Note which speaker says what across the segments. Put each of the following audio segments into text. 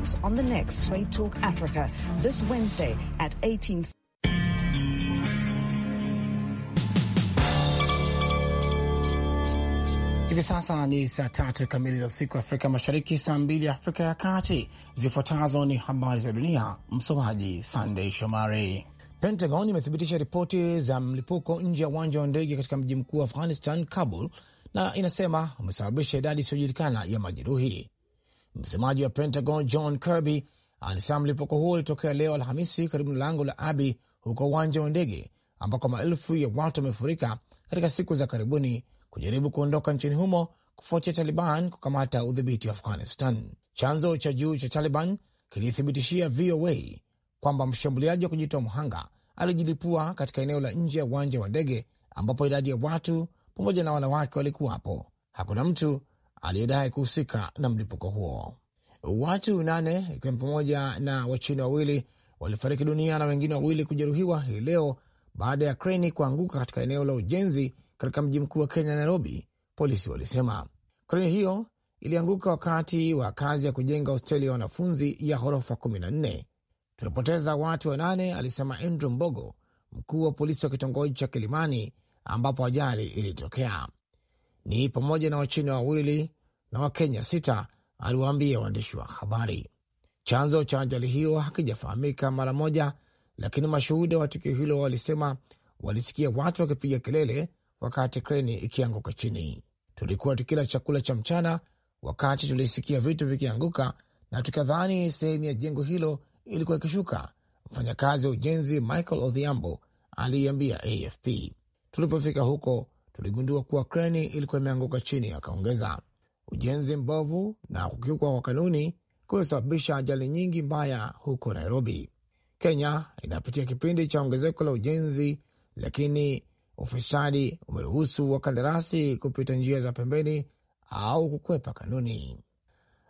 Speaker 1: Jones on the next Straight Talk Africa this Wednesday at 18.
Speaker 2: Hivi sasa ni saa tatu kamili za usiku Afrika Mashariki, saa mbili Afrika ya Kati. Zifuatazo ni habari za dunia, msomaji Sandei Shomari. Pentagon imethibitisha ripoti za mlipuko nje ya uwanja wa ndege katika mji mkuu wa Afghanistan, Kabul, na inasema umesababisha idadi isiyojulikana ya majeruhi. Msemaji wa Pentagon John Kirby alisema mlipuko huo ulitokea leo Alhamisi karibu na lango la Abi huko uwanja wa ndege ambako maelfu ya watu wamefurika katika siku za karibuni kujaribu kuondoka nchini humo kufuatia Taliban kukamata udhibiti wa Afghanistan. Chanzo cha juu cha Taliban kilithibitishia VOA kwamba mshambuliaji wa kujitoa mhanga alijilipua katika eneo la nje ya uwanja wa ndege ambapo idadi ya watu pamoja na wanawake walikuwapo. Hakuna mtu aliyedai kuhusika na mlipuko huo. Watu nane ikiwemo pamoja na Wachina wawili walifariki dunia na wengine wawili kujeruhiwa hii leo baada ya kreni kuanguka katika eneo la ujenzi katika mji mkuu wa Kenya, Nairobi. Polisi walisema kreni hiyo ilianguka wakati wa kazi ya kujenga hosteli ya wanafunzi ya ghorofa 14. Tulipoteza watu wanane, alisema Andrew Mbogo, mkuu wa polisi wa kitongoji cha Kilimani ambapo ajali ilitokea ni pamoja na Wachina wawili na Wakenya sita, aliwaambia waandishi wa habari. Chanzo cha ajali hiyo hakijafahamika mara moja, lakini mashuhuda wa tukio hilo walisema walisikia watu wakipiga kelele wakati kreni ikianguka chini. Tulikuwa tukila chakula cha mchana wakati tulisikia vitu vikianguka na tukadhani sehemu ya jengo hilo ilikuwa ikishuka, mfanyakazi wa ujenzi Michael Odhiambo aliiambia AFP. Tulipofika huko tuligundua kuwa kreni ilikuwa imeanguka chini, akaongeza. Ujenzi mbovu na kukiukwa kwa kanuni kumesababisha ajali nyingi mbaya huko Nairobi. Kenya inapitia kipindi cha ongezeko la ujenzi, lakini ufisadi umeruhusu wakandarasi kupita njia za pembeni au kukwepa kanuni.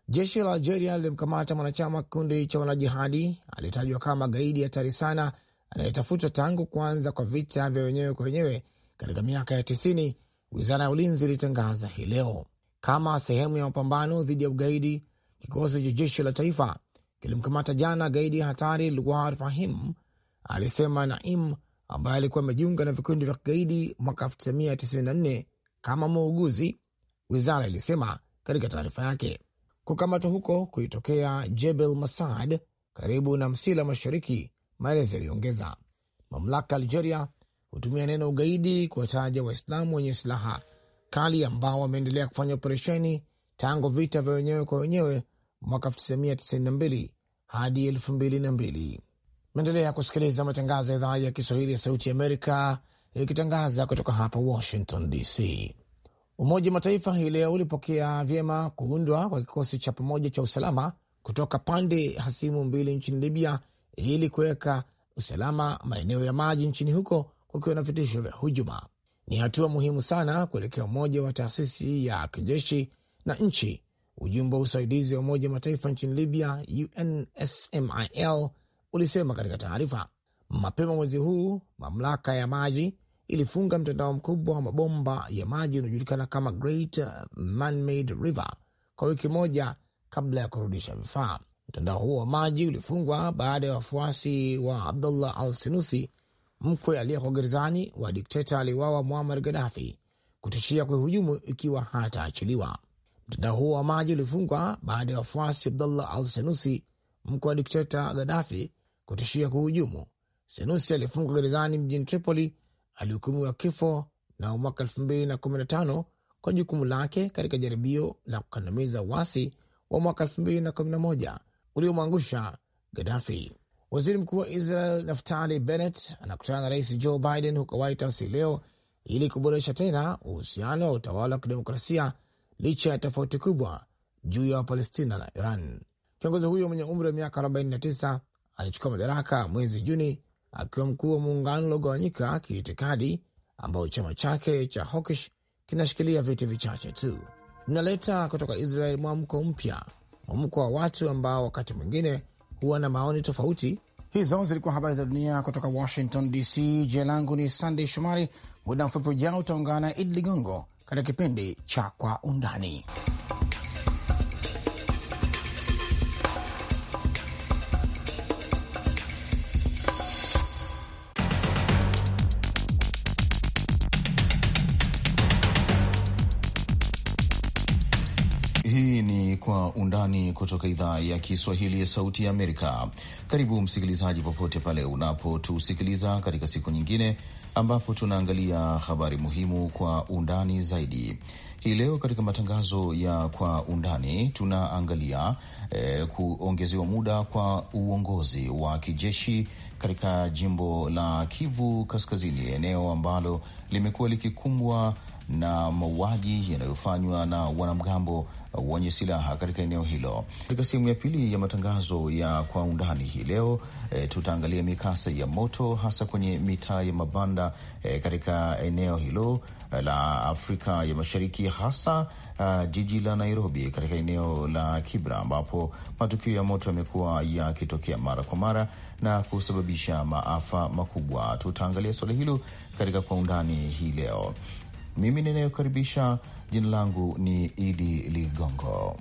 Speaker 2: Jeshi la Algeria lilimkamata mwanachama wa kikundi cha wanajihadi aliyetajwa kama gaidi hatari sana anayetafutwa tangu kuanza kwa vita vya wenyewe kwa wenyewe katika miaka ya tisini, wizara ya ulinzi ilitangaza hii leo. Kama sehemu ya mapambano dhidi ya ugaidi, kikosi cha jeshi la taifa kilimkamata jana gaidi hatari Luar Fahim, alisema Naim, ambaye alikuwa amejiunga na vikundi vya kigaidi mwaka 1994 kama muuguzi, wizara ilisema katika taarifa yake. Kukamatwa huko kulitokea Jebel Masad karibu na Msila Mashariki, maelezo yaliongeza. Mamlaka Algeria hutumia neno ugaidi kuwataja Waislamu wenye silaha kali ambao wameendelea kufanya operesheni tangu vita vya wenyewe kwa wenyewe mwaka 1992 hadi 2002. Meendelea kusikiliza matangazo ya idhaa ya Kiswahili ya Sauti ya Amerika ikitangaza kutoka hapa Washington DC. Umoja wa Mataifa hii leo ulipokea vyema kuundwa kwa kikosi cha pamoja cha usalama kutoka pande hasimu mbili nchini Libya ili kuweka usalama maeneo ya maji nchini huko kukiwa na vitisho vya hujuma. Ni hatua muhimu sana kuelekea umoja wa taasisi ya kijeshi na nchi. Ujumbe wa usaidizi wa Umoja wa Mataifa nchini Libya, UNSMIL, ulisema katika taarifa mapema mwezi huu. Mamlaka ya maji ilifunga mtandao mkubwa wa mabomba ya maji unaojulikana kama Great River kwa wiki moja kabla ya kurudisha vifaa. Mtandao huo wa maji ulifungwa baada ya wafuasi wa Abdullah Al Sinusi mkwe aliyeko gerezani wa dikteta aliwawa Muammar Gaddafi, kutishia kuhujumu ikiwa hataachiliwa. Mtandao huo wa maji ulifungwa baada ya wafuasi Abdullah al Senusi, mkwe wa dikteta Gaddafi, kutishia kuhujumu. Senusi alifungwa gerezani mjini Tripoli, alihukumiwa kifo na mwaka 2015 kwa jukumu lake katika jaribio la kukandamiza uasi wa mwaka 2011 uliomwangusha Gaddafi. Waziri mkuu wa Israel Naftali Bennett anakutana na rais Joe Biden huko White House leo ili kuboresha tena uhusiano wa utawala wa kidemokrasia licha ya tofauti kubwa juu ya Wapalestina na Iran. Kiongozi huyo mwenye umri wa miaka 49 alichukua madaraka mwezi Juni akiwa mkuu wa muungano uliogawanyika kiitikadi ambao chama chake cha Hawkish kinashikilia viti vichache tu. Tunaleta kutoka Israel mwamko mpya, mwamko wa watu ambao wakati mwingine huwa na maoni tofauti. Hizo zilikuwa habari za dunia kutoka Washington DC. Jina langu ni Sandey Shomari. Muda mfupi ujao utaungana na Idi Ligongo katika kipindi cha Kwa Undani.
Speaker 3: undani kutoka idhaa ya Kiswahili ya Sauti ya Amerika. Karibu msikilizaji, popote pale unapotusikiliza katika siku nyingine ambapo tunaangalia habari muhimu kwa undani zaidi. Hii leo katika matangazo ya kwa undani tunaangalia e, kuongezewa muda kwa uongozi wa kijeshi katika jimbo la Kivu Kaskazini, eneo ambalo limekuwa likikumbwa na mauaji yanayofanywa na wanamgambo wenye silaha katika eneo hilo. Katika sehemu ya pili ya matangazo ya kwa undani hii leo e, tutaangalia mikasa ya moto hasa kwenye mitaa ya mabanda e, katika eneo hilo eh, la Afrika ya Mashariki, hasa jiji la Nairobi katika eneo la Kibra, ambapo matukio ya moto yamekuwa yakitokea mara kwa mara na kusababisha maafa makubwa. Tutaangalia suala hilo katika kwa undani hii leo. Mimi ninayokaribisha, jina langu ni Idi Ligongo.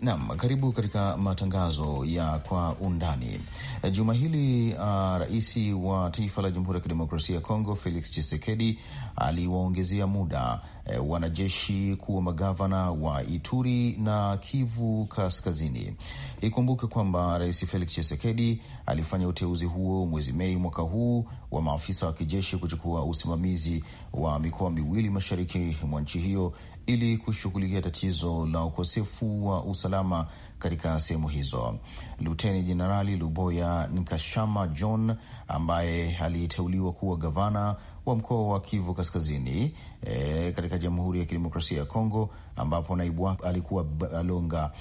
Speaker 3: Naam, karibu katika matangazo ya kwa undani juma hili. Uh, rais wa taifa la Jamhuri ya Kidemokrasia ya Kongo Felix Tshisekedi aliwaongezea muda eh, wanajeshi kuwa magavana wa Ituri na Kivu Kaskazini. Ikumbuke kwamba Rais Felix Tshisekedi alifanya uteuzi huo mwezi Mei mwaka huu wa maafisa wa kijeshi kuchukua usimamizi wa mikoa miwili mashariki mwa nchi hiyo ili kushughulikia tatizo la ukosefu wa usalama katika sehemu hizo. Luteni Jenerali Luboya Nkashama John ambaye aliteuliwa kuwa gavana wa mkoa wa Kivu Kaskazini e, katika Jamhuri ya Kidemokrasia ya Kongo, ambapo naibu wake alikuwa Alonga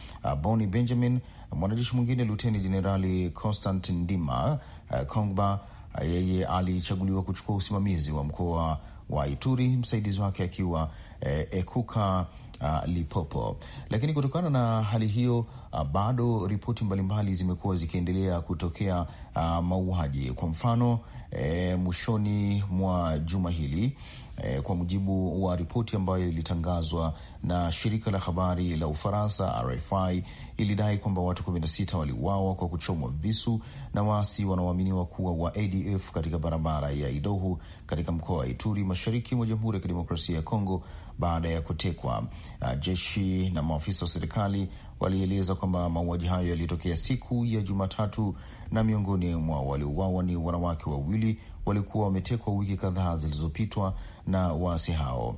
Speaker 3: Boni Benjamin. Mwanajeshi mwingine Luteni Jenerali Constant Ndima Kongba, yeye alichaguliwa kuchukua usimamizi wa mkoa wa Ituri, msaidizi wake akiwa eh, Ekuka Uh, Lipopo. Lakini kutokana na hali hiyo uh, bado ripoti mbalimbali zimekuwa zikiendelea kutokea uh, mauaji. Kwa mfano, eh, mwishoni mwa juma hili eh, kwa mujibu wa ripoti ambayo ilitangazwa na shirika la habari la Ufaransa RFI ilidai kwamba watu 16 waliuawa kwa kuchomwa visu na waasi wanaoaminiwa kuwa wa ADF katika barabara ya Idohu katika mkoa wa Ituri mashariki mwa Jamhuri ya Kidemokrasia ya Kongo baada ya kutekwa. Uh, jeshi na maafisa wa serikali walieleza kwamba mauaji hayo yalitokea siku ya Jumatatu na miongoni mwa waliouawa ni wanawake wawili walikuwa wametekwa wiki kadhaa zilizopitwa na waasi hao.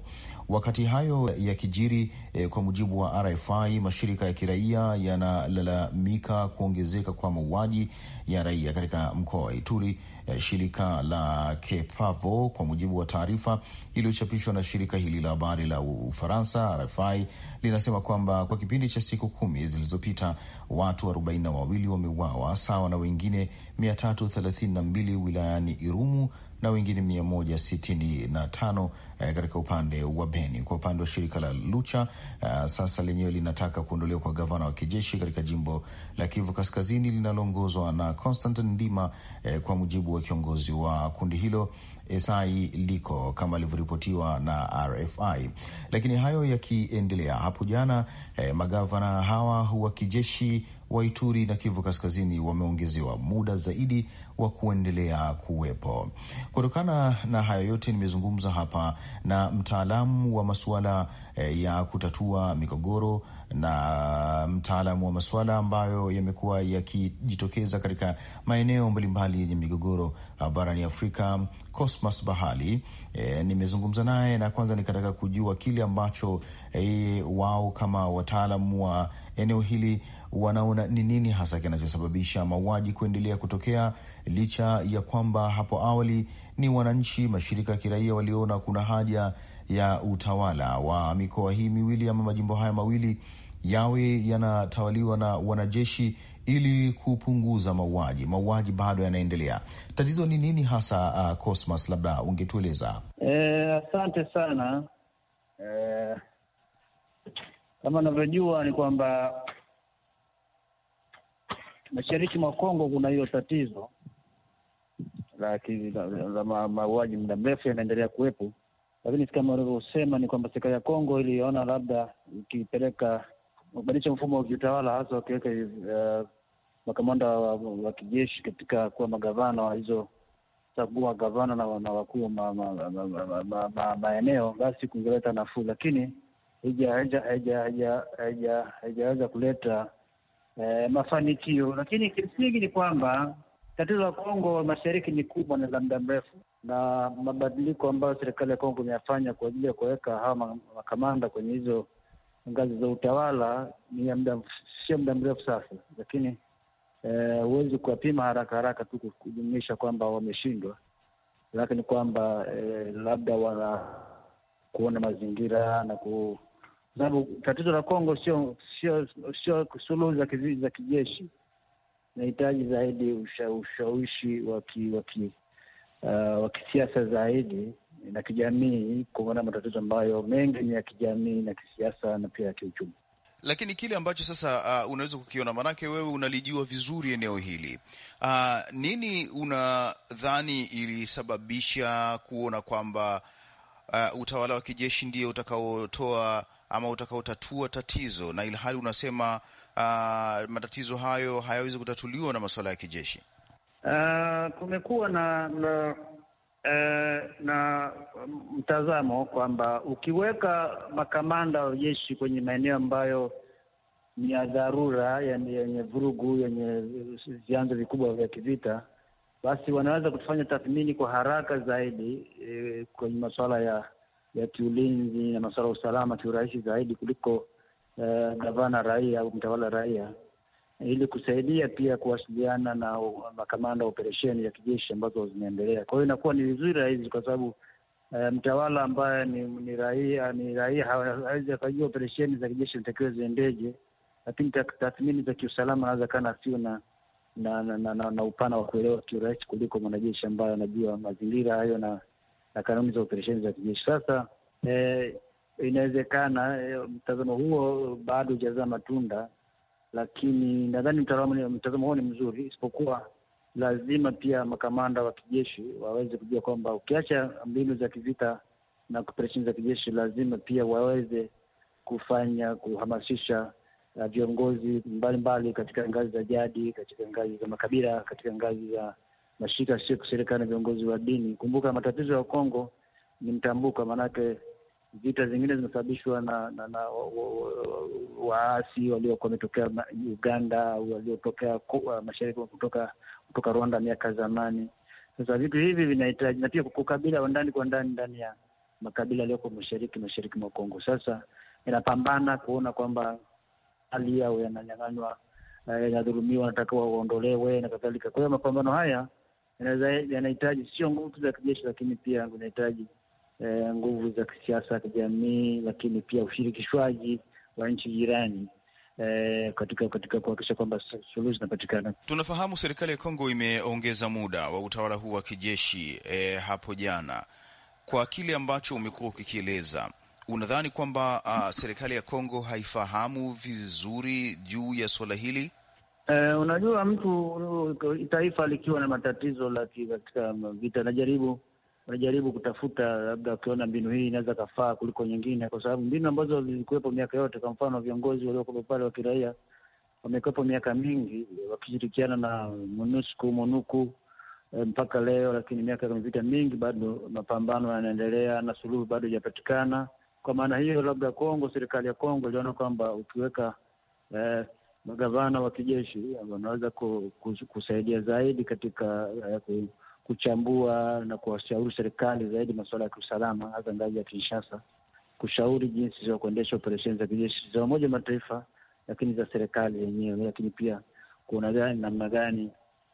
Speaker 3: Wakati hayo yakijiri, eh, kwa mujibu wa RFI, mashirika ya kiraia yanalalamika kuongezeka kwa mauaji ya raia katika mkoa wa Ituri. Eh, shirika la Kepavo, kwa mujibu wa taarifa iliyochapishwa na shirika hili la habari la Ufaransa RFI, linasema kwamba kwa kipindi cha siku kumi zilizopita watu arobaini na wawili wameuawa sawa na wengine mia tatu thelathini na mbili wilayani Irumu na wengine mia moja sitini na tano eh, katika upande wa Beni. Kwa upande wa shirika la Lucha eh, sasa lenyewe linataka kuondolewa kwa gavana wa kijeshi katika jimbo la Kivu Kaskazini linaloongozwa na Constantin Ndima eh, kwa mujibu wa kiongozi wa kundi hilo Esai eh, Liko kama alivyoripotiwa na RFI. Lakini hayo yakiendelea, hapo jana eh, magavana hawa wa kijeshi wa Ituri na Kivu Kaskazini wameongezewa muda zaidi wa kuendelea kuwepo. Kutokana na haya yote, nimezungumza hapa na mtaalamu wa masuala eh, ya kutatua migogoro na mtaalamu wa masuala ambayo yamekuwa yakijitokeza katika maeneo mbalimbali yenye migogoro ah, barani Afrika, Cosmas Bahali. E, nimezungumza naye na kwanza nikataka kujua kile ambacho e, wao kama wataalamu wa eneo hili wanaona ni nini hasa kinachosababisha mauaji kuendelea kutokea licha ya kwamba hapo awali ni wananchi, mashirika ya kiraia waliona kuna haja ya utawala wa mikoa hii miwili ama majimbo haya mawili yawe yanatawaliwa na wanajeshi ili kupunguza mauaji. Mauaji bado yanaendelea. Tatizo ni nini hasa? Uh, Cosmas, labda ungetueleza.
Speaker 4: Eh, asante sana eh, kama unavyojua ni kwamba mashariki mwa Kongo kuna hiyo tatizo la, la, la, la ma, mauaji muda mrefu yanaendelea kuwepo, lakini kama ulivyosema ni kwamba serikali ya Kongo iliona labda ikipeleka badilisha mfumo wa kiutawala, hasa wakiweka uh, makamanda wa, wa kijeshi katika kuwa magavana walizochagua gavana na, na wakuu ma, ma, ma, ma, ma, ma, ma, maeneo, basi kungeleta nafuu, lakini haijaweza kuleta eh, mafanikio, lakini kimsingi ni kwamba tatizo la Kongo mashariki ni kubwa na la muda mrefu, na mabadiliko ambayo serikali ya Kongo imeyafanya kwa ajili ya kuwaweka hawa makamanda kwenye hizo ngazi za utawala ni ya muda, sio muda mrefu sasa, lakini eh, huwezi eh, kuwapima haraka haraka tu kujumuisha kwamba wameshindwa, lakini kwamba eh, labda wana kuona mazingira na ku sababu tatizo la Kongo sio sio sio suluhu za za kijeshi, inahitaji zaidi ushawishi uh, wa kisiasa zaidi na kijamii, kuona matatizo ambayo mengi ni ya kijamii na kisiasa na pia ya kiuchumi
Speaker 3: lakini kile ambacho sasa uh, unaweza kukiona, maanake wewe unalijua vizuri eneo hili uh, nini unadhani ilisababisha kuona kwamba uh, utawala wa kijeshi ndio utakaotoa ama utakaotatua tatizo, na ilhali unasema uh, matatizo hayo hayawezi kutatuliwa na masuala ya kijeshi.
Speaker 4: Uh, kumekuwa na na, uh, na mtazamo kwamba ukiweka makamanda wa jeshi kwenye maeneo ambayo ni ya dharura, yani yenye vurugu, yenye vyanzo vikubwa vya kivita basi wanaweza kutufanya tathmini kwa haraka zaidi e, kwenye masuala ya ya kiulinzi na masuala ya usalama kiurahisi zaidi kuliko e, gavana raia au mtawala raia, ili kusaidia pia kuwasiliana na makamanda operesheni ya kijeshi ambazo zinaendelea. Kwa hiyo inakuwa ni vizuri rahisi kwa sababu e, mtawala ambaye ni, ni raia ni raia hawezi akajua operesheni za kijeshi zinatakiwa ziendeje, lakini tathmini za kiusalama anaweza kaa na na na, na, na, na upana wa kuelewa kiurahisi kuliko mwanajeshi ambayo anajua mazingira hayo na na kanuni za operesheni za kijeshi. Sasa eh, inawezekana eh, mtazamo huo bado hujazaa matunda, lakini nadhani mtazamo huo ni mzuri, isipokuwa lazima pia makamanda wa kijeshi waweze kujua kwamba ukiacha mbinu za kivita na operesheni za kijeshi, lazima pia waweze kufanya kuhamasisha viongozi mbalimbali katika ngazi za jadi, katika ngazi za makabila, katika ngazi za mashirika sio kuserikali na viongozi wa dini. Kumbuka matatizo ya Kongo ni mtambuka, maanake vita zingine zimesababishwa na, na, na waasi waliokuwa wametokea Uganda, waliotokea mashariki kutoka kutoka Rwanda miaka ya zamani. Sasa vitu hivi vinahitaji na pia kukabila ndani kwa ndani ndani ya makabila yaliyoko mashariki mashariki mwa Kongo. Sasa inapambana kuona kwamba hali au yananyang'anywa, eh, yanadhulumiwa, anatakiwa waondolewe na kadhalika. Kwa hiyo mapambano haya yanahitaji sio nguvu za kijeshi, lakini pia inahitaji eh, nguvu za kisiasa, kijamii, lakini pia ushirikishwaji wa nchi jirani eh, katika katika kuhakikisha kwamba suluhu zinapatikana.
Speaker 3: Tunafahamu serikali ya Kongo imeongeza muda wa utawala huu wa kijeshi eh, hapo jana kwa kile ambacho umekuwa ukikieleza unadhani kwamba uh, serikali ya Kongo haifahamu vizuri juu ya suala hili?
Speaker 4: Eh, unajua mtu taifa likiwa na matatizo laki, katika vita anajaribu anajaribu kutafuta labda, akiona mbinu hii inaweza kafaa kuliko nyingine, kwa sababu mbinu ambazo zilikuwepo miaka yote, kwa mfano viongozi waliokuwepo pale wa kiraia wamekuwepo miaka mingi wakishirikiana na MONUSCO MONUKU eh, mpaka leo, lakini miaka ya mingi bado mapambano yanaendelea na suluhu bado haijapatikana. Kwa maana hiyo, labda Kongo, serikali ya Kongo iliona kwamba ukiweka eh, magavana wa kijeshi wanaweza kusaidia zaidi katika eh, kuchambua na kuwashauri serikali zaidi masuala ya kiusalama, hasa ngazi ya Kinshasa, kushauri jinsi za kuendesha operesheni za kijeshi za Umoja wa Mataifa, lakini za serikali yenyewe, lakini pia kuna gani namna gani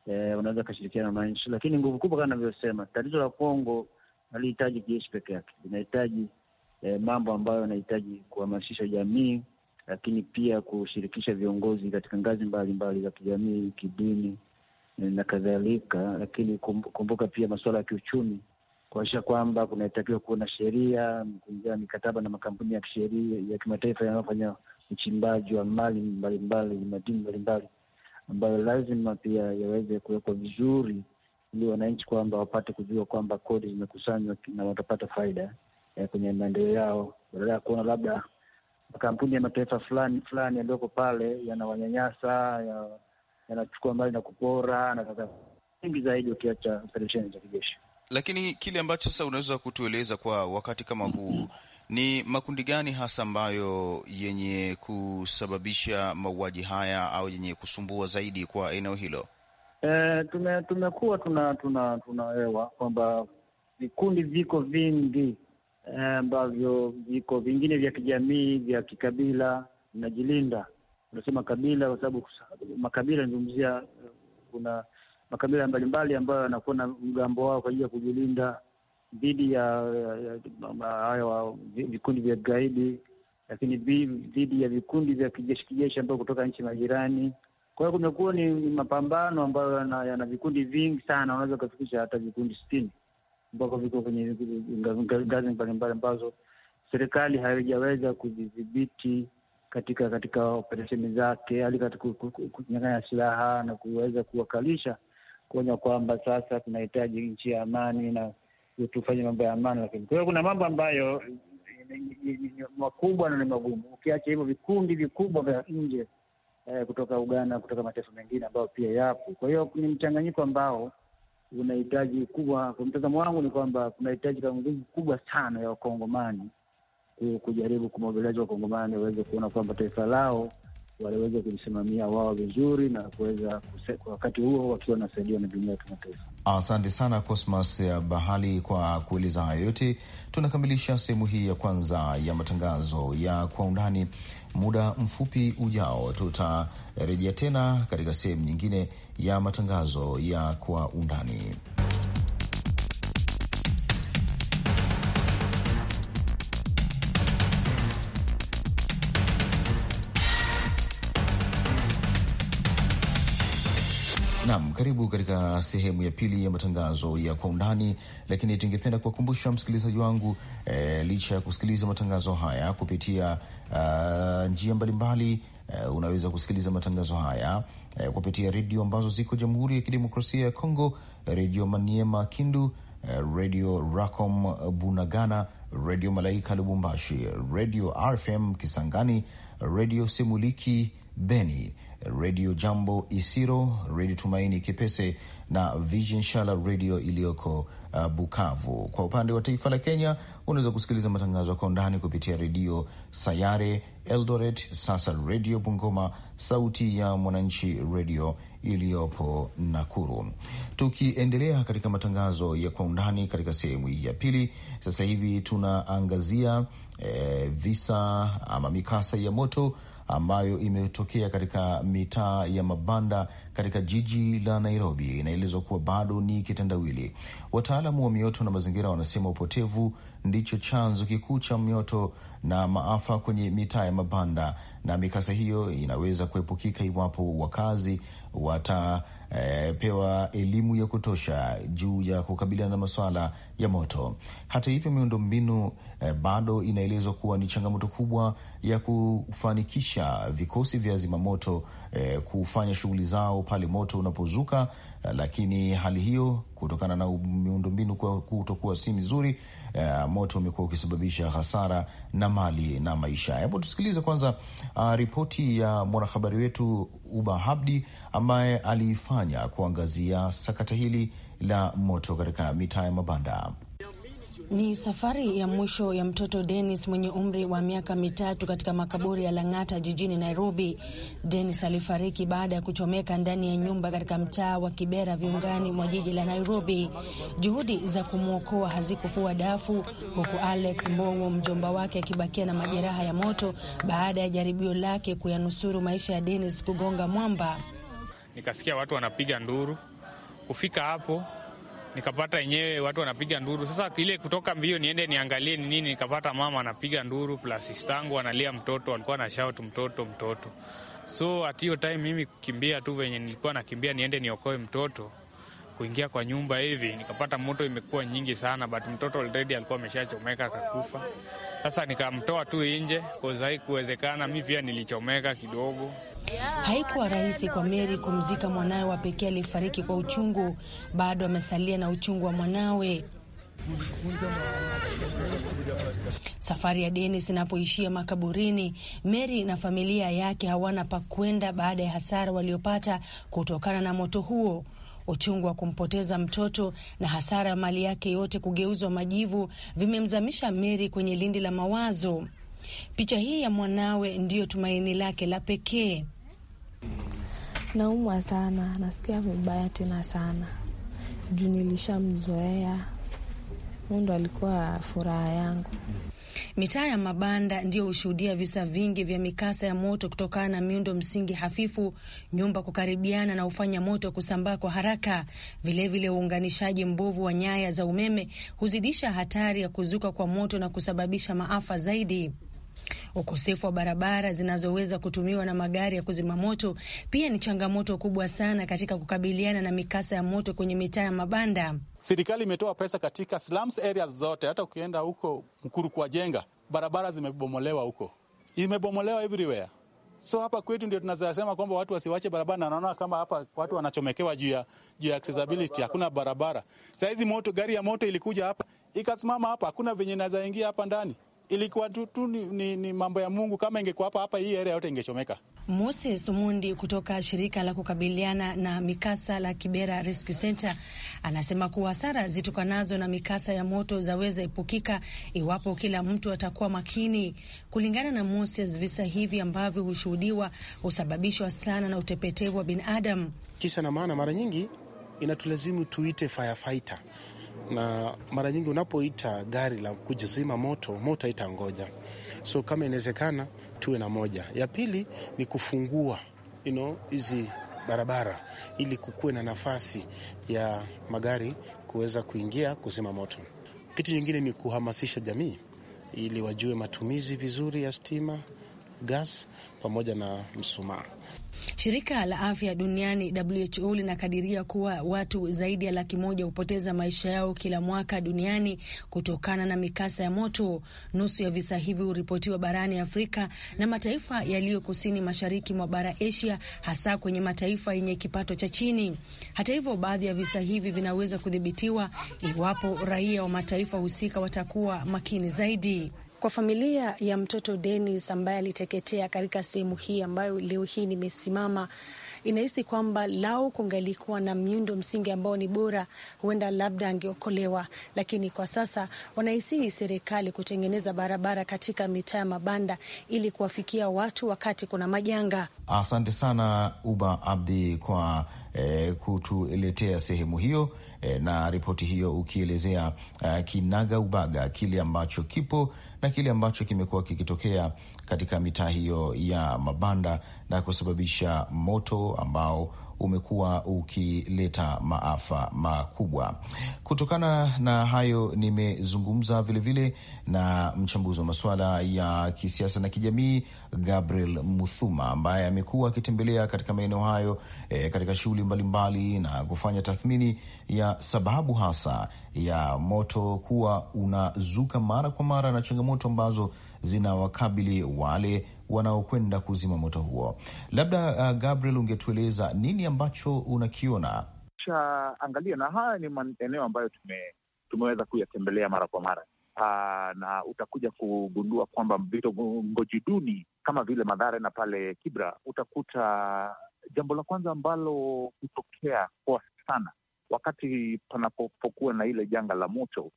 Speaker 4: eh, unaweza na wananchi. Lakini nguvu kubwa kama navyosema, tatizo la Kongo halihitaji kijeshi peke yake, linahitaji eh, mambo ambayo yanahitaji kuhamasisha jamii, lakini pia kushirikisha viongozi katika ngazi mbalimbali za kijamii, kidini eh, na kadhalika. Lakini kumbuka pia masuala ya kiuchumi, kuakisha kwamba kunatakiwa kuwa na sheria kuingia mikataba na makampuni ya kisheria ya kimataifa yanayofanya uchimbaji wa mali mbalimbali, madini mbalimbali ambayo lazima pia yaweze kuwekwa vizuri, ili wananchi kwamba wapate kujua kwamba kodi zimekusanywa na watapata faida eh, kwenye maendeleo yao, badala ya kuona labda makampuni ya mataifa fulani fulani yaliyoko pale yanawanyanyasa, yanachukua ya mbali na kupora na kadhaa nyingi zaidi, ukiacha operesheni za kijeshi.
Speaker 3: Lakini kile ambacho sasa unaweza kutueleza kwa wakati kama huu mm -hmm. Ni makundi gani hasa ambayo yenye kusababisha mauaji haya au yenye kusumbua zaidi kwa eneo hilo?
Speaker 4: E, tumekuwa tume tuna tunaelewa tuna kwamba vikundi viko vingi Eh, ambavyo viko vingine vya kijamii vya kikabila vinajilinda. Unasema kabila kwa sababu makabila nazungumzia, eh, kuna makabila mbalimbali ambayo yanakuwa na mgambo wao kwa ajili ya kujilinda dhidi ya hayo vikundi vya kigaidi, lakini dhidi ya vikundi vya kijeshi kijeshi ambayo kutoka nchi majirani. Kwa hiyo kumekuwa ni mapambano ambayo yana vikundi vingi sana, unaweza ukafikisha hata vikundi sitini ambavyo viko kwenye ngazi mbalimbali ambazo serikali haijaweza kuzidhibiti katika katika operesheni zake, hali katika kunyang'anya silaha na kuweza kuwakalisha kuonya kwamba sasa tunahitaji nchi ya amani na tufanye mambo ya amani. Lakini kwa hiyo kuna mambo ambayo makubwa na ni magumu, ukiacha hivyo vikundi vikubwa vya nje eh, kutoka Uganda, kutoka mataifa mengine ambayo pia yapo. Kwa hiyo ni mchanganyiko ambao unahitaji kubwa. Kwa mtazamo wangu ni kwamba kunahitajika nguvu kubwa sana ya wakongomani kujaribu kumobiliza wakongomani waweze kuona kwamba taifa lao waliweza kujisimamia wao vizuri na kuweza wakati huo wakiwa wanasaidiwa na jumuia ya kimataifa.
Speaker 3: Asante sana Cosmas Bahali kwa kueleza hayo yote. Tunakamilisha sehemu hii ya kwanza ya matangazo ya kwa undani. Muda mfupi ujao tutarejea tena katika sehemu nyingine ya matangazo ya kwa undani. Nam, karibu katika sehemu ya pili ya matangazo ya kwa undani, lakini tungependa kuwakumbusha msikilizaji wangu e, licha ya kusikiliza matangazo haya kupitia uh, njia mbalimbali uh, unaweza kusikiliza matangazo haya eh, kupitia redio ambazo ziko Jamhuri ya Kidemokrasia ya Kongo, Redio Maniema Kindu, eh, Redio Racom Bunagana, Redio Malaika Lubumbashi, Redio RFM Kisangani, Redio Semuliki Beni, Redio Jambo Isiro, Redio Tumaini Kipese na Vision Shala Radio iliyoko uh, Bukavu. Kwa upande wa taifa la Kenya, unaweza kusikiliza matangazo ya kwa undani kupitia redio Sayare Eldoret, Sasa Redio Bungoma, Sauti ya Mwananchi redio iliyopo Nakuru. Tukiendelea katika matangazo ya kwa undani katika sehemu hii ya pili, sasa hivi tunaangazia eh, visa ama mikasa ya moto ambayo imetokea katika mitaa ya mabanda katika jiji la Nairobi inaelezwa kuwa bado ni kitendawili. Wataalamu wa mioto na mazingira wanasema upotevu ndicho chanzo kikuu cha mioto na maafa kwenye mitaa ya mabanda, na mikasa hiyo inaweza kuepukika iwapo wakazi wata e, pewa elimu ya kutosha juu ya kukabiliana na masuala ya moto. Hata hivyo, miundombinu e, bado inaelezwa kuwa ni changamoto kubwa ya kufanikisha vikosi vya zimamoto e, kufanya shughuli zao pale moto unapozuka, lakini hali hiyo kutokana na miundombinu kutokuwa si mizuri Eh, moto umekuwa ukisababisha hasara na mali na maisha. Hebu tusikilize kwanza uh, ripoti ya mwanahabari wetu Uba Habdi ambaye aliifanya kuangazia sakata hili la moto katika mitaa ya mabanda.
Speaker 1: Ni safari ya mwisho ya mtoto Dennis mwenye umri wa miaka mitatu katika makaburi ya Lang'ata jijini Nairobi. Dennis alifariki baada ya kuchomeka ndani ya nyumba katika mtaa wa Kibera viungani mwa jiji la Nairobi. Juhudi za kumwokoa hazikufua dafu, huku Alex Mbongo mjomba wake akibakia na majeraha ya moto baada ya jaribio lake kuyanusuru maisha ya Dennis kugonga mwamba.
Speaker 3: Nikasikia watu wanapiga nduru, kufika hapo nikapata yenyewe watu wanapiga nduru. Sasa ile kutoka mbio niende niangalie ni nini, nikapata mama anapiga nduru plus sistangu analia mtoto, alikuwa na shout mtoto mtoto. So at hiyo time mimi kukimbia tu venye nilikuwa nakimbia niende niokoe mtoto kuingia kwa nyumba hivi nikapata moto imekuwa nyingi sana, but mtoto already alikuwa ameshachomeka akakufa. Sasa nikamtoa tu nje, cause haikuwezekana, mi pia nilichomeka kidogo.
Speaker 1: Haikuwa rahisi kwa Meri kumzika mwanawe wa pekee aliyefariki kwa uchungu. Bado amesalia na uchungu wa mwanawe. Safari ya Denis inapoishia makaburini, Meri na familia yake hawana pa kwenda baada ya hasara waliopata kutokana na moto huo. Uchungu wa kumpoteza mtoto na hasara ya mali yake yote kugeuzwa majivu vimemzamisha Meri kwenye lindi la mawazo. Picha hii ya mwanawe ndiyo tumaini lake la pekee. Naumwa sana, nasikia vibaya tena sana juu nilishamzoea. ndo alikuwa furaha yangu. Mitaa ya mabanda ndiyo hushuhudia visa vingi vya mikasa ya moto kutokana na miundo msingi hafifu, nyumba kukaribiana na hufanya moto kusambaa kwa haraka. Vilevile, uunganishaji mbovu wa nyaya za umeme huzidisha hatari ya kuzuka kwa moto na kusababisha maafa zaidi. Ukosefu wa barabara zinazoweza kutumiwa na magari ya kuzima moto pia ni changamoto kubwa sana katika kukabiliana na mikasa ya moto kwenye mitaa ya mabanda.
Speaker 3: Serikali imetoa pesa katika slums areas zote, hata ukienda huko Mkuru kwa jenga barabara zimebomolewa huko, imebomolewa everywhere. So hapa kwetu ndio tunazasema kwamba watu wasiwache barabara, na naona kama hapa watu wanachomekewa juu ya juu ya accessibility, hakuna barabara. Saa hizi moto, gari ya moto ilikuja hapa ikasimama hapa, hakuna venye inaweza ingia hapa ndani ilikuwa tu tu ni, ni, ni mambo ya Mungu. Kama ingekuwa hapa hapa, hii area yote ingechomeka.
Speaker 1: Moses Mundi kutoka shirika la kukabiliana na mikasa la Kibera Rescue Center anasema kuwa hasara zitokanazo na mikasa ya moto zaweza epukika iwapo kila mtu atakuwa makini. Kulingana na Moses, visa hivi ambavyo hushuhudiwa husababishwa sana na utepetevu wa binadamu.
Speaker 3: Kisa na maana, mara nyingi inatulazimu tuite firefighter na mara nyingi unapoita gari la kujizima moto, moto haitangoja. So kama inawezekana, tuwe na moja. Ya pili ni kufungua you know, hizi barabara ili kukuwe na nafasi ya magari kuweza kuingia kuzima moto. Kitu nyingine ni kuhamasisha jamii ili wajue matumizi
Speaker 2: vizuri ya stima, gas pamoja na msumaa.
Speaker 1: Shirika la afya duniani WHO linakadiria kuwa watu zaidi ya laki moja hupoteza maisha yao kila mwaka duniani kutokana na mikasa ya moto. Nusu ya visa hivi huripotiwa barani Afrika na mataifa yaliyo kusini mashariki mwa bara Asia, hasa kwenye mataifa yenye kipato cha chini. Hata hivyo, baadhi ya visa hivi vinaweza kudhibitiwa iwapo raia wa mataifa husika watakuwa makini zaidi. Kwa familia ya mtoto denis ambaye aliteketea katika sehemu hii ambayo leo hii nimesimama, inahisi kwamba lau kungalikuwa na miundo msingi ambao ni bora, huenda labda angeokolewa, lakini kwa sasa wanahisii serikali kutengeneza barabara katika mitaa ya mabanda ili kuwafikia watu wakati kuna majanga.
Speaker 3: Asante sana Uba Abdi kwa eh, kutueletea sehemu hiyo eh, na ripoti hiyo ukielezea eh, kinaga ubaga kile ambacho kipo na kile ambacho kimekuwa kikitokea katika mitaa hiyo ya mabanda na kusababisha moto ambao umekuwa ukileta maafa makubwa. Kutokana na hayo, nimezungumza vilevile na mchambuzi wa masuala ya kisiasa na kijamii Gabriel Muthuma ambaye amekuwa akitembelea katika maeneo hayo e, katika shughuli mbalimbali na kufanya tathmini ya sababu hasa ya moto kuwa unazuka mara kwa mara na changamoto ambazo zinawakabili wale wanaokwenda kuzima moto huo. Labda uh, Gabriel, ungetueleza nini ambacho unakiona
Speaker 5: cha angalia? Na haya ni maeneo ambayo tume, tumeweza kuyatembelea mara kwa mara Aa, ah, na utakuja kugundua kwamba vitongoji duni kama vile madhare na pale Kibra, utakuta jambo la kwanza ambalo hutokea kwa sana wakati panapokuwa na ile janga la moto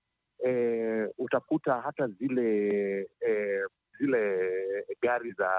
Speaker 5: e, utakuta hata zile e, zile gari za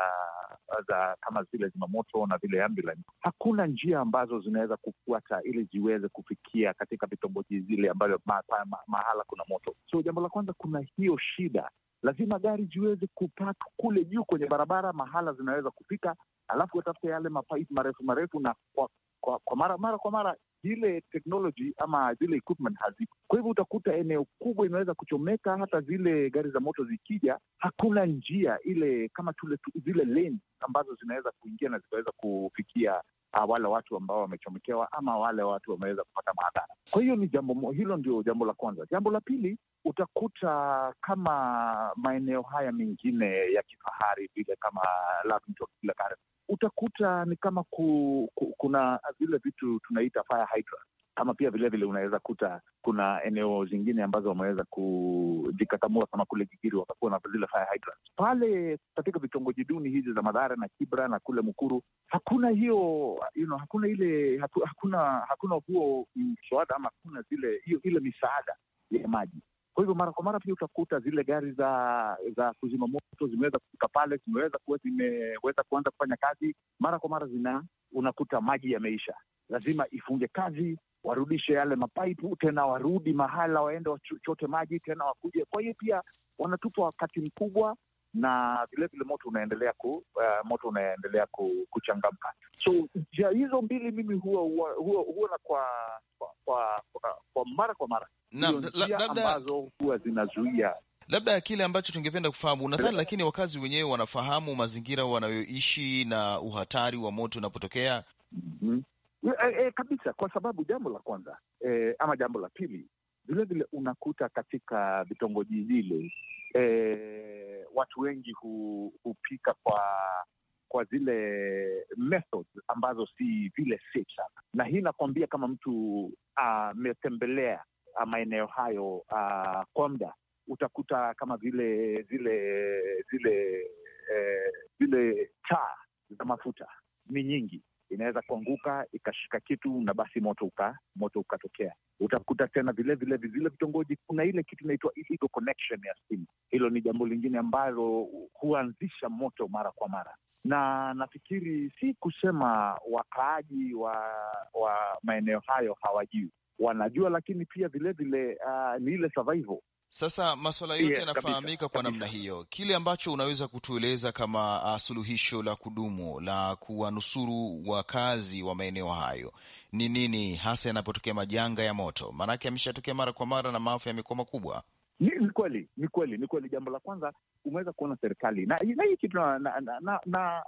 Speaker 5: za kama zile zimamoto na vile ambulance, hakuna njia ambazo zinaweza kufuata ili ziweze kufikia katika vitongoji zile ambavyo ma, ma, ma, mahala kuna moto. So jambo la kwanza, kuna hiyo shida, lazima gari ziweze kupaka kule juu kwenye barabara mahala zinaweza kufika, alafu watafute yale mapaipu marefu marefu na kwa, kwa, kwa mara mara kwa mara zile teknoloji ama zile equipment hazipo. Kwa hivyo utakuta eneo kubwa imeweza kuchomeka, hata zile gari za moto zikija, hakuna njia ile kama tule zile lane ambazo zinaweza kuingia na zikaweza kufikia ah, wale watu ambao wamechomekewa ama wale watu wameweza kupata madhara. Kwa hiyo ni jambo hilo, ndio jambo la kwanza. Jambo la pili, utakuta kama maeneo haya mengine ya kifahari vile kama Lavington, utakuta ni kama ku, ku, kuna vile vitu tunaita fire hydrant ama pia vilevile unaweza kuta kuna eneo zingine ambazo wameweza kujikakamua kama kule Gigiri wakakuwa na zile fire hydrants pale katika vitongoji duni hizi za Madhara na Kibra na kule Mukuru, hakuna hiyo you know, hakuna ile haku, hakuna hakuna huo mswada ama hakuna zile hiyo ile misaada ya maji. Kwa hivyo mara kwa mara pia utakuta zile gari za za kuzima moto zimeweza kufika pale, zimeweza kuwa zimeweza kuanza kufanya kazi. Mara kwa mara zina unakuta maji yameisha, lazima ifunge kazi, warudishe yale mapaipu tena, warudi mahala, waende wachote maji tena, wakuje. Kwa hiyo pia wanatupa wakati mkubwa na vilevile moto unaendelea ku, uh, moto unaendelea ku, kuchangamka. So njia hizo mbili mimi huwa huwa huwa na kwa kwa, kwa, kwa mara kwa mara
Speaker 3: ambazo huwa zinazuia labda kile ambacho tungependa kufahamu, nadhani lakini wakazi wenyewe wanafahamu mazingira wanayoishi na uhatari wa moto unapotokea. mm -hmm.
Speaker 5: E, e, kabisa, kwa sababu jambo la kwanza e, ama jambo la pili vilevile unakuta katika vitongoji vile e, watu wengi hu, hupika kwa kwa zile methods ambazo si vile safe sana, na hii nakwambia kama mtu ametembelea Uh, maeneo hayo uh, kwa muda utakuta kama vile zile zile eh, zile taa za mafuta ni nyingi, inaweza kuanguka ikashika kitu na basi moto uka, moto ukatokea. Utakuta tena vilevile vile vitongoji kuna ile kitu inaitwa illegal connection ya simu. Hilo ni jambo lingine ambalo huanzisha moto mara kwa mara, na nafikiri si kusema wakaaji wa wa maeneo hayo hawajui wanajua, lakini pia vilevile
Speaker 3: uh, ah, ni ile survival. Sasa maswala yote yanafahamika kwa namna hiyo. Kile ambacho unaweza kutueleza kama uh, suluhisho la kudumu la kuwanusuru wakazi wa maeneo hayo ni nini hasa yanapotokea majanga ya moto? Maanake ameshatokea mara kwa mara na maafa yamekuwa makubwa.
Speaker 5: Ni kweli, ni kweli, ni kweli. Jambo la kwanza umeweza kuona serikali na hii kitu na, na, na, na, na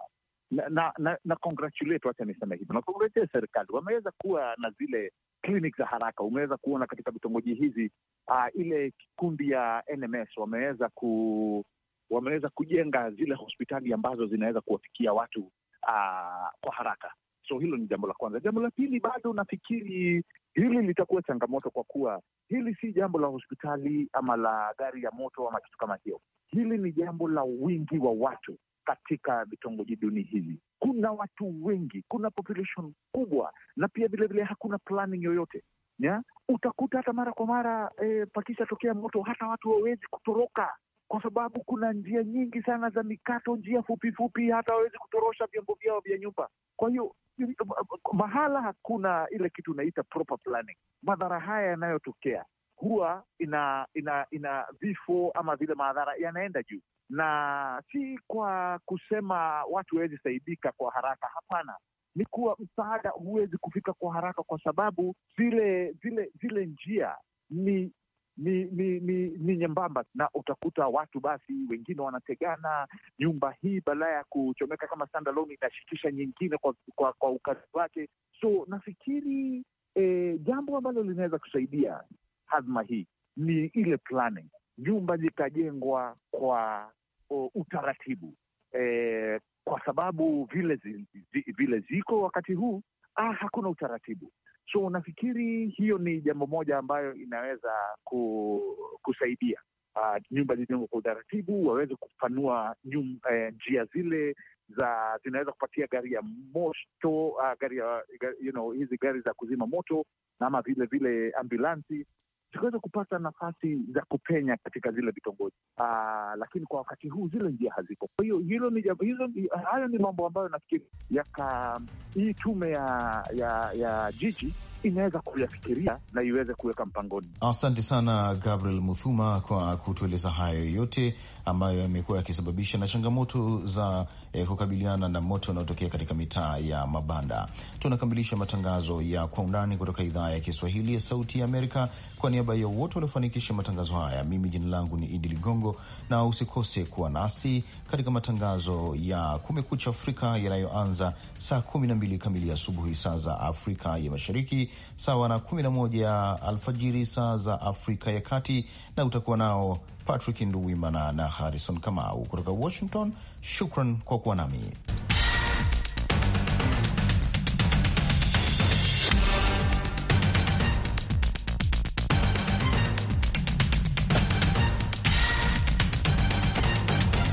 Speaker 5: na, na, na, congratulate, wacha niseme hivyo, na congratulate serikali, wameweza kuwa na zile clinic za haraka. Umeweza kuona katika vitongoji hizi uh, ile kikundi ya NMS wameweza ku wameweza kujenga zile hospitali ambazo zinaweza kuwafikia watu uh, kwa haraka. So hilo ni jambo la kwanza. Jambo la pili, bado nafikiri hili litakuwa changamoto kwa kuwa hili si jambo la hospitali ama la gari ya moto ama kitu kama hiyo. Hili ni jambo la wingi wa watu katika vitongoji duni hivi. Kuna watu wengi, kuna population kubwa, na pia vilevile hakuna planning yoyote ya? Utakuta hata mara kwa mara eh, pakisha pakishatokea moto hata watu wawezi kutoroka kwa sababu kuna njia nyingi sana za mikato, njia fupifupi fupi, hata wawezi kutorosha vyombo vyao vya nyumba. Kwa hiyo mahala hakuna ile kitu unaita proper planning, madhara haya yanayotokea huwa ina ina vifo ama vile madhara yanaenda juu na si kwa kusema watu wawezi saidika kwa haraka. Hapana, ni kuwa msaada huwezi kufika kwa haraka, kwa sababu zile zile zile njia ni ni ni ni, ni nyembamba, na utakuta watu basi wengine wanategana nyumba hii badala ya kuchomeka kama standalone inashikisha nyingine kwa, kwa, kwa ukazi wake. So nafikiri eh, jambo ambalo linaweza kusaidia hazma hii ni ile planning, nyumba zikajengwa kwa uh, utaratibu e, kwa sababu vile, zi, zi, vile ziko wakati huu ah, hakuna utaratibu. So unafikiri hiyo ni jambo moja ambayo inaweza ku, kusaidia Uh, nyumba zijengwa kwa utaratibu, waweze kupanua nyum, eh, njia zile za zinaweza kupatia gari ya moto uh, gari ya, you know, hizi gari za kuzima moto ama vile vile ambulansi tukiweza kupata nafasi za kupenya katika zile vitongoji, ah, lakini kwa wakati huu zile njia hazipo. Kwa hiyo hilo ni hayo ni mambo ambayo nafikiri yaka hii tume ya ya, ya jiji inaweza kuyafikiria na iweze kuweka mpangoni.
Speaker 3: Asante sana Gabriel Muthuma kwa kutueleza hayo yote ambayo yamekuwa yakisababisha na changamoto za eh, kukabiliana na moto unaotokea katika mitaa ya mabanda. Tunakamilisha matangazo ya kwa undani kutoka idhaa ya Kiswahili ya Sauti ya Amerika. Kwa niaba ya wote waliofanikisha matangazo haya, mimi jina langu ni Idi Ligongo, na usikose kuwa nasi katika matangazo ya Kumekucha Afrika yanayoanza saa 12 kamili asubuhi saa za Afrika ya Mashariki sawa na 11 alfajiri saa za Afrika ya Kati, na utakuwa nao Patrick Nduwimana na Harrison Kamau kutoka Washington. Shukran kwa kuwa nami.